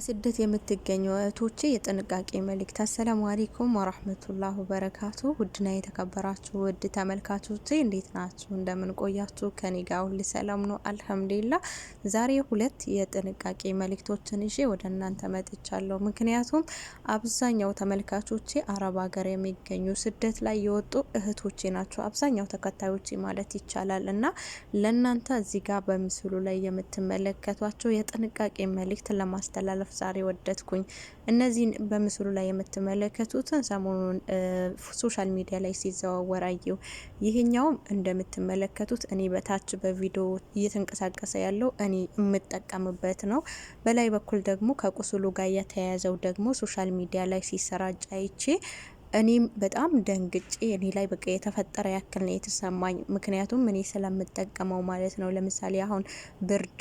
በስደት የምትገኙ እህቶቼ የጥንቃቄ መልእክት። አሰላሙ አሌይኩም ወራህመቱላህ ወበረካቱ። ውድና የተከበራችሁ ውድ ተመልካቾቼ እንዴት ናችሁ? እንደምን ቆያችሁ? ከኔ ጋር ሁሉ ሰላም ነው አልሐምዱሊላ። ዛሬ ሁለት የጥንቃቄ መልእክቶችን ይዤ ወደ እናንተ መጥቻለሁ። ምክንያቱም አብዛኛው ተመልካቾቼ አረብ ሀገር የሚገኙ ስደት ላይ የወጡ እህቶቼ ናቸው፣ አብዛኛው ተከታዮቼ ማለት ይቻላል እና ለእናንተ እዚህ ጋር በምስሉ ላይ የምትመለከቷቸው የጥንቃቄ መልእክት ለማስተላለፍ ዛሬ ወደድኩኝ። እነዚህን በምስሉ ላይ የምትመለከቱትን ሰሞኑን ሶሻል ሚዲያ ላይ ሲዘዋወር አየው። ይሄኛውም እንደምትመለከቱት እኔ በታች በቪዲዮ እየተንቀሳቀሰ ያለው እኔ የምጠቀምበት ነው። በላይ በኩል ደግሞ ከቁስሉ ጋር የተያያዘው ደግሞ ሶሻል ሚዲያ ላይ ሲሰራጭ አይቼ እኔም በጣም ደንግጬ እኔ ላይ በቃ የተፈጠረ ያክል ነው የተሰማኝ። ምክንያቱም እኔ ስለምጠቀመው ማለት ነው። ለምሳሌ አሁን ብርድ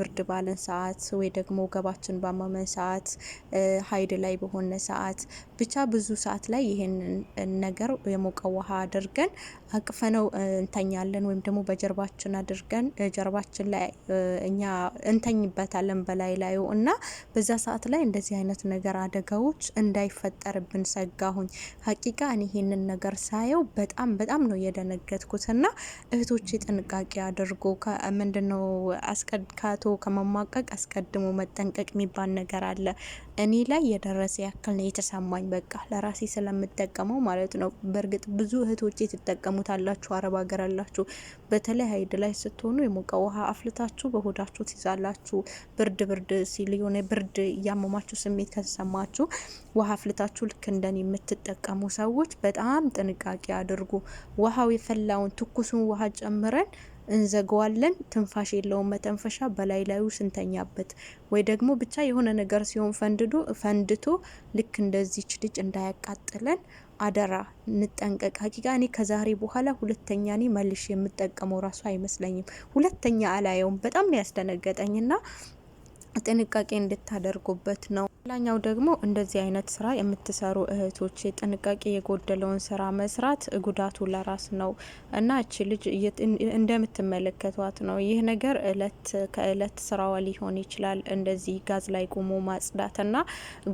ብርድ ባለን ሰዓት ወይ ደግሞ ገባችን ባመመን ሰዓት፣ ሀይድ ላይ በሆነ ሰዓት፣ ብቻ ብዙ ሰዓት ላይ ይሄንን ነገር የሞቀ ውሃ አድርገን አቅፈነው እንተኛለን። ወይም ደግሞ በጀርባችን አድርገን ጀርባችን ላይ እኛ እንተኝበታለን በላይ ላዩ እና በዛ ሰዓት ላይ እንደዚህ አይነት ነገር አደጋዎች እንዳይፈጠርብን ሰጋሁን። ሀቂቃ እኔ ይሄንን ነገር ሳየው በጣም በጣም ነው የደነገጥኩት። እና እህቶቼ ጥንቃቄ አድርጎ ምንድነው ከአቶ ከመማቀቅ አስቀድሞ መጠንቀቅ የሚባል ነገር አለ። እኔ ላይ የደረሰ ያክል ነው የተሰማኝ። በቃ ለራሴ ስለምጠቀመው ማለት ነው። በእርግጥ ብዙ እህቶቼ ትጠቀሙታላችሁ፣ አረብ ሀገር አላችሁ። በተለይ ሀይድ ላይ ስትሆኑ የሞቀ ውሃ አፍልታችሁ በሆዳችሁ ትይዛላችሁ። ብርድ ብርድ ሲል የሆነ ብርድ እያመማችሁ ስሜት ከተሰማችሁ ውሃ አፍልታችሁ ልክ እንደኔ የምትጠቀሙ ሰዎች በጣም ጥንቃቄ አድርጉ። ውሃው የፈላውን ትኩሱን ውሃ ጨምረን እንዘገዋለን። ትንፋሽ የለውም መተንፈሻ በላይ ላዩ ስንተኛበት ወይ ደግሞ ብቻ የሆነ ነገር ሲሆን ፈንድዶ ፈንድቶ ልክ እንደዚች ልጅ እንዳያቃጥለን አደራ እንጠንቀቅ። ሀቂቃ እኔ ከዛሬ በኋላ ሁለተኛ እኔ መልሽ የምጠቀመው ራሱ አይመስለኝም። ሁለተኛ አላየውም። በጣም ነው ያስደነገጠኝና ጥንቃቄ እንድታደርጉበት ነው። ሌላኛው ደግሞ እንደዚህ አይነት ስራ የምትሰሩ እህቶች ጥንቃቄ የጎደለውን ስራ መስራት ጉዳቱ ለራስ ነው እና እች ልጅ እንደምትመለከቷት ነው። ይህ ነገር እለት ከእለት ስራዋ ሊሆን ይችላል። እንደዚህ ጋዝ ላይ ቁሞ ማጽዳት እና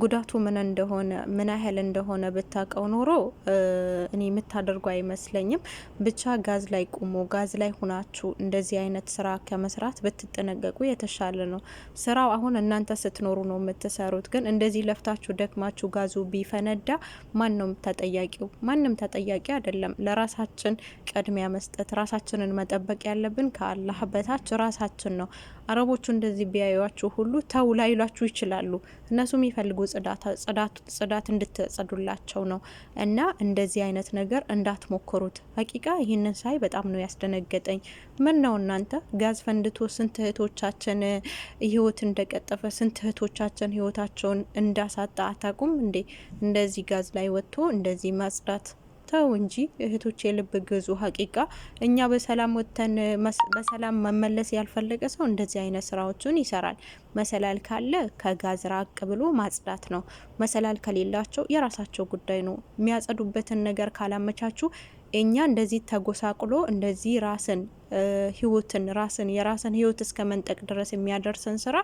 ጉዳቱ ምን እንደሆነ ምን ያህል እንደሆነ ብታውቀው ኖሮ እኔ የምታደርጉ አይመስለኝም። ብቻ ጋዝ ላይ ቁሞ ጋዝ ላይ ሁናችሁ እንደዚህ አይነት ስራ ከመስራት ብትጠነቀቁ የተሻለ ነው። ስራው አሁን እናንተ ስትኖሩ ነው የምትሰሩት ግን እንደዚህ ለፍታችሁ ደክማችሁ ጋዙ ቢፈነዳ ማንም ተጠያቂው? ማንም ተጠያቂ አይደለም። ለራሳችን ቅድሚያ መስጠት ራሳችንን መጠበቅ ያለብን ከአላህ በታች ራሳችን ነው። አረቦቹ እንደዚህ ቢያዩዋችሁ ሁሉ ተው ላይሏችሁ ይችላሉ። እነሱ የሚፈልጉ ጽዳት እንድትጸዱላቸው ነው። እና እንደዚህ አይነት ነገር እንዳትሞክሩት። ሀቂቃ ይህንን ሳይ በጣም ነው ያስደነገጠኝ። ምን ነው እናንተ ጋዝ ፈንድቶ ስንት እህቶቻችን ህይወት እንደቀጠፈ ስንት እህቶቻችን ህይወታቸውን እንዳሳጣ አታቁም እንዴ? እንደዚህ ጋዝ ላይ ወጥቶ እንደዚህ ማጽዳት ተው እንጂ እህቶች፣ የልብ ግዙ። ሀቂቃ እኛ በሰላም ወጥተን በሰላም መመለስ ያልፈለገ ሰው እንደዚህ አይነት ስራዎችን ይሰራል። መሰላል ካለ ከጋዝ ራቅ ብሎ ማጽዳት ነው። መሰላል ከሌላቸው የራሳቸው ጉዳይ ነው። የሚያጸዱበትን ነገር ካላመቻችሁ እኛ እንደዚህ ተጎሳቁሎ እንደዚህ ራስን ህይወትን ራስን የራስን ህይወት እስከ መንጠቅ ድረስ የሚያደርስን ስራ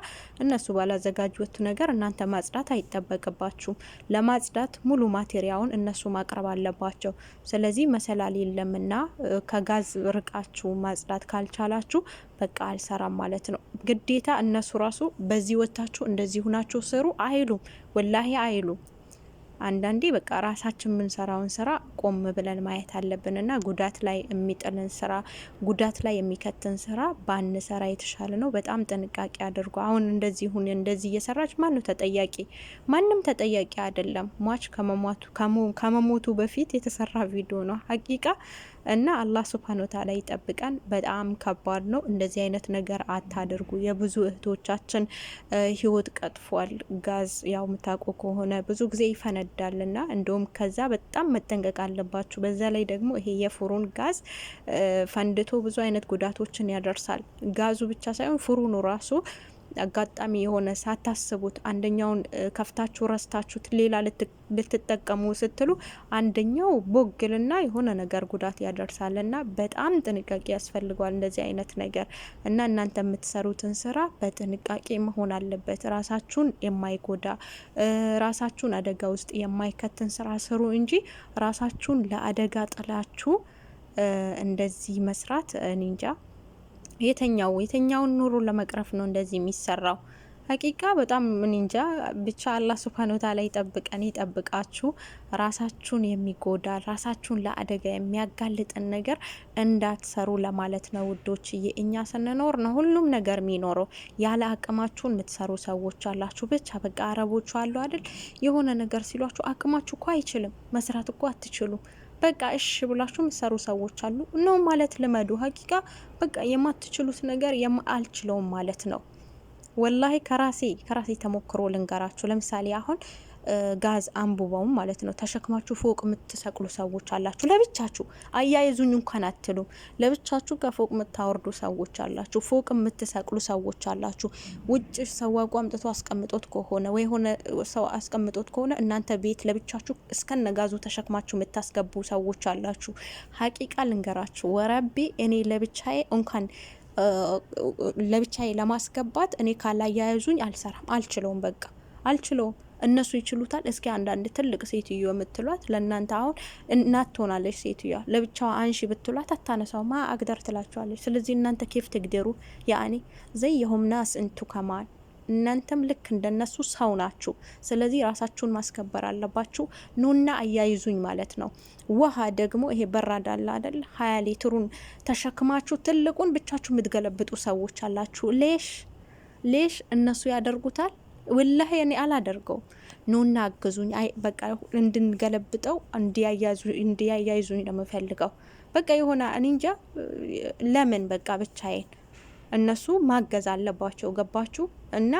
እነሱ ባላዘጋጁት ነገር እናንተ ማጽዳት አይጠበቅባችሁም። ለማጽዳት ሙሉ ማቴሪያውን እነሱ ማቅረብ አለባቸው። ስለዚህ መሰላል የለምና ከጋዝ ርቃችሁ ማጽዳት ካልቻላችሁ በቃ አልሰራም ማለት ነው። ግዴታ እነሱ ራሱ በዚህ ወታችሁ እንደዚህ ሁናችሁ ስሩ አይሉም፣ ወላሂ አይሉም። አንዳንዴ በቃ ራሳችን የምንሰራውን ስራ ቆም ብለን ማየት አለብን እና ጉዳት ላይ የሚጥልን ስራ ጉዳት ላይ የሚከትን ስራ ባንሰራ የተሻለ ነው። በጣም ጥንቃቄ አድርጎ አሁን እንደዚህ ሁን እንደዚህ እየሰራች ማን ነው ተጠያቂ? ማንም ተጠያቂ አይደለም። ሟች ከመሞቱ በፊት የተሰራ ቪዲዮ ነው ሀቂቃ እና አላህ ስብሃነ ወተዓላ ይጠብቀን። በጣም ከባድ ነው። እንደዚህ አይነት ነገር አታድርጉ። የብዙ እህቶቻችን ህይወት ቀጥፏል። ጋዝ ያው ምታቆ ከሆነ ብዙ ጊዜ ይፈነዳል እና እንደውም ከዛ በጣም መጠንቀቅ አለባችሁ። በዛ ላይ ደግሞ ይሄ የፍሩን ጋዝ ፈንድቶ ብዙ አይነት ጉዳቶችን ያደርሳል። ጋዙ ብቻ ሳይሆን ፍሩኑ ራሱ አጋጣሚ የሆነ ሳታስቡት አንደኛውን ከፍታችሁ ረስታችሁት ሌላ ልትጠቀሙ ስትሉ አንደኛው ቦግልና የሆነ ነገር ጉዳት ያደርሳል እና በጣም ጥንቃቄ ያስፈልጓል እንደዚህ አይነት ነገር እና እናንተ የምትሰሩትን ስራ በጥንቃቄ መሆን አለበት። ራሳችሁን የማይጎዳ ራሳችሁን አደጋ ውስጥ የማይከትን ስራ ስሩ እንጂ ራሳችሁን ለአደጋ ጥላችሁ እንደዚህ መስራት እኔ እንጃ የተኛው የተኛውን ኑሮ ለመቅረፍ ነው እንደዚህ የሚሰራው። ሀቂቃ በጣም ምን እንጃ ብቻ አላህ ሱብሃነ ወተዓላ ይጠብቀን፣ ይጠብቃችሁ። ራሳችሁን የሚጎዳ ራሳችሁን ለአደጋ የሚያጋልጥን ነገር እንዳትሰሩ ለማለት ነው ውዶችዬ። እኛ ስንኖር ነው ሁሉም ነገር የሚኖረው። ያለ አቅማችሁን የምትሰሩ ሰዎች አላችሁ። ብቻ በቃ አረቦቹ አሉ አይደል? የሆነ ነገር ሲሏችሁ አቅማችሁ እኮ አይችልም መስራት እኮ አትችሉም በቃ እሽ ብላችሁ የሚሰሩ ሰዎች አሉ። ነው ማለት ልመዱ። ሀቂቃ በቃ የማትችሉት ነገር አልችለውም ማለት ነው። ወላሂ ከራሴ ከራሴ ተሞክሮ ልንገራችሁ። ለምሳሌ አሁን ጋዝ አንቡባው ማለት ነው። ተሸክማችሁ ፎቅ የምትሰቅሉ ሰዎች አላችሁ። ለብቻችሁ አያይዙኝ እንኳን አትሉ ለብቻችሁ ከፎቅ የምታወርዱ ሰዎች አላችሁ። ፎቅ የምትሰቅሉ ሰዎች አላችሁ። ውጭ ሰው አቋምጥቶ አስቀምጦት ከሆነ ወይ ሆነ ሰው አስቀምጦት ከሆነ እናንተ ቤት ለብቻችሁ እስከነ ጋዙ ተሸክማችሁ የምታስገቡ ሰዎች አላችሁ። ሀቂቃ ልንገራችሁ ወረቤ እኔ ለብቻዬ እንኳን ለብቻዬ ለማስገባት እኔ ካላያያዙኝ አልሰራም፣ አልችለውም፣ በቃ አልችለውም። እነሱ ይችሉታል። እስኪ አንዳንድ ትልቅ ሴትዮ የምትሏት ለእናንተ አሁን እናት ትሆናለች። ሴትዮ ለብቻዋ አንሺ ብትሏት ማ አግደር ትላቸዋለች። ስለዚህ እናንተ ኬፍ ትግደሩ ያኔ ዘይ የሆምናስ እንቱ ከማል እናንተም ልክ እንደነሱ ሰው ናችሁ። ስለዚህ ራሳችሁን ማስከበር አለባችሁ። ኑና አያይዙኝ ማለት ነው። ውሃ ደግሞ ይሄ በራዳ አደል አደለ? ሀያ ሊትሩን ተሸክማችሁ ትልቁን ብቻችሁ የምትገለብጡ ሰዎች አላችሁ። ሌሽ ሌሽ እነሱ ያደርጉታል። ውላህ እኔ አላደርገው ኑና አግዙኝ። አይ በቃ እንድንገለብጠው እንዲያያይዙኝ ነው የምፈልገው። በቃ የሆነ እንጃ ለምን በቃ ብቻዬን እነሱ ማገዝ አለባቸው። ገባችሁ? እና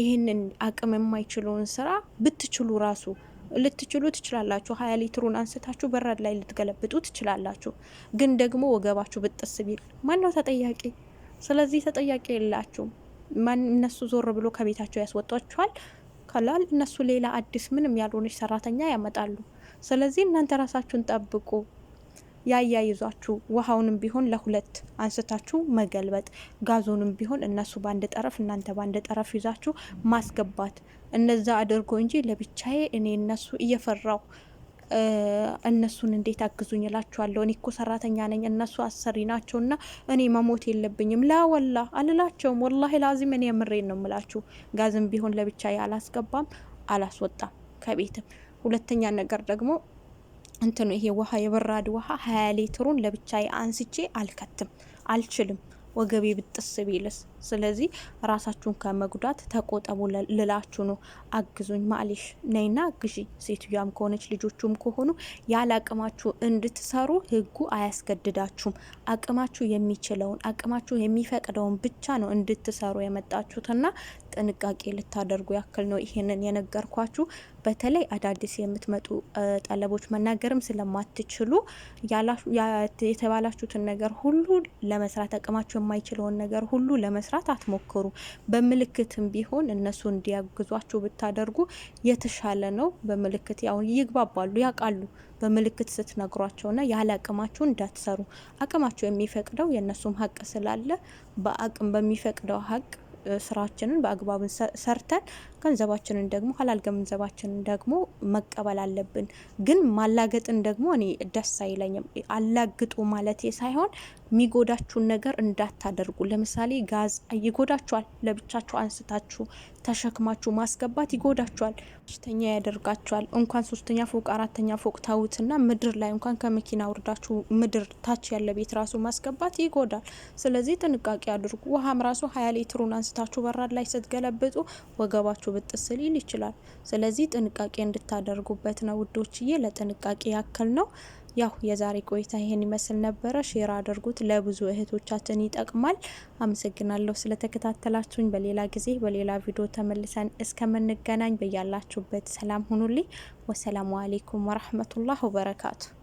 ይህንን አቅም የማይችለውን ስራ ብትችሉ ራሱ ልትችሉ ትችላላችሁ። ሀያ ሊትሩን አንስታችሁ በረድ ላይ ልትገለብጡ ትችላላችሁ። ግን ደግሞ ወገባችሁ ብጥስ ቢል ማነው ተጠያቂ? ስለዚህ ተጠያቂ የላችሁም። ማን እነሱ ዞር ብሎ ከቤታቸው ያስወጧችኋል። ከላል እነሱ ሌላ አዲስ ምንም ያልሆነች ሰራተኛ ያመጣሉ። ስለዚህ እናንተ ራሳችሁን ጠብቁ። ያያይዟችሁ ውሃውንም ቢሆን ለሁለት አንስታችሁ መገልበጥ፣ ጋዞንም ቢሆን እነሱ በአንድ ጠረፍ እናንተ በአንድ ጠረፍ ይዛችሁ ማስገባት። እነዛ አድርጎ እንጂ ለብቻዬ እኔ እነሱ እየፈራው እነሱን እንዴት አግዙኝ እላችኋለሁ። እኔ እኮ ሰራተኛ ነኝ፣ እነሱ አሰሪ ናቸው እና እኔ መሞት የለብኝም። ላወላ አልላቸውም። ወላሂ ላዚም እኔ የምሬን ነው ምላችሁ። ጋዝም ቢሆን ለብቻ አላስገባም፣ አላስወጣም ከቤትም። ሁለተኛ ነገር ደግሞ እንትን ይሄ ውሃ የበራድ ውሃ ሀያ ሌትሩን ለብቻ አንስቼ አልከትም፣ አልችልም። ወገቤ ብጥስ ቢልስ ስለዚህ ራሳችሁን ከመጉዳት ተቆጠቡ ልላችሁ ነው። አግዙኝ ማሊሽ ነይና ግዢ። ሴትዮዋም ከሆነች ልጆቹም ከሆኑ ያለ አቅማችሁ እንድትሰሩ ህጉ አያስገድዳችሁም። አቅማችሁ የሚችለውን አቅማችሁ የሚፈቅደውን ብቻ ነው እንድትሰሩ የመጣችሁትና ጥንቃቄ ልታደርጉ ያክል ነው ይሄንን የነገርኳችሁ። በተለይ አዳዲስ የምትመጡ ጠለቦች መናገርም ስለማትችሉ የተባላችሁትን ነገር ሁሉ ለመስራት አቅማችሁ የማይችለውን ነገር ሁሉ ለመስራት ለመስራት አትሞክሩ። በምልክትም ቢሆን እነሱ እንዲያግዟችሁ ብታደርጉ የተሻለ ነው። በምልክት ያው ይግባባሉ፣ ያውቃሉ። በምልክት ስትነግሯቸውና ያለ አቅማችሁ እንዳትሰሩ። አቅማችሁ የሚፈቅደው የእነሱም ሀቅ ስላለ በአቅም በሚፈቅደው ሀቅ ስራችንን በአግባቡ ሰርተን ገንዘባችንን ደግሞ ሀላል ገንዘባችንን ደግሞ መቀበል አለብን። ግን ማላገጥን ደግሞ እኔ ደስ አይለኝም። አላግጡ ማለት ሳይሆን የሚጎዳችሁን ነገር እንዳታደርጉ። ለምሳሌ ጋዝ ይጎዳችኋል፣ ለብቻችሁ አንስታችሁ ተሸክማችሁ ማስገባት ይጎዳችኋል፣ ሶስተኛ ያደርጋችኋል። እንኳን ሶስተኛ ፎቅ አራተኛ ፎቅ ታዩትና ምድር ላይ እንኳን ከመኪና ውርዳችሁ ምድር ታች ያለ ቤት ራሱ ማስገባት ይጎዳል። ስለዚህ ጥንቃቄ አድርጉ። ውሃም ራሱ ሀያ ሊትሩን አንስታችሁ በራድ ላይ ስትገለብጡ ወገባችሁ ብጥስ ሊል ይችላል። ስለዚህ ጥንቃቄ እንድታደርጉበት ነው ውዶችዬ፣ ለጥንቃቄ ያክል ነው። ያው የዛሬ ቆይታ ይሄን ይመስል ነበረ። ሼር አድርጉት፣ ለብዙ እህቶቻችን ይጠቅማል። አመሰግናለሁ ስለተከታተላችሁኝ። በሌላ ጊዜ በሌላ ቪዲዮ ተመልሰን እስከምንገናኝ በያላችሁበት ሰላም ሁኑልኝ። ወሰላሙ አሌይኩም ወረህመቱላህ ወበረካቱሁ።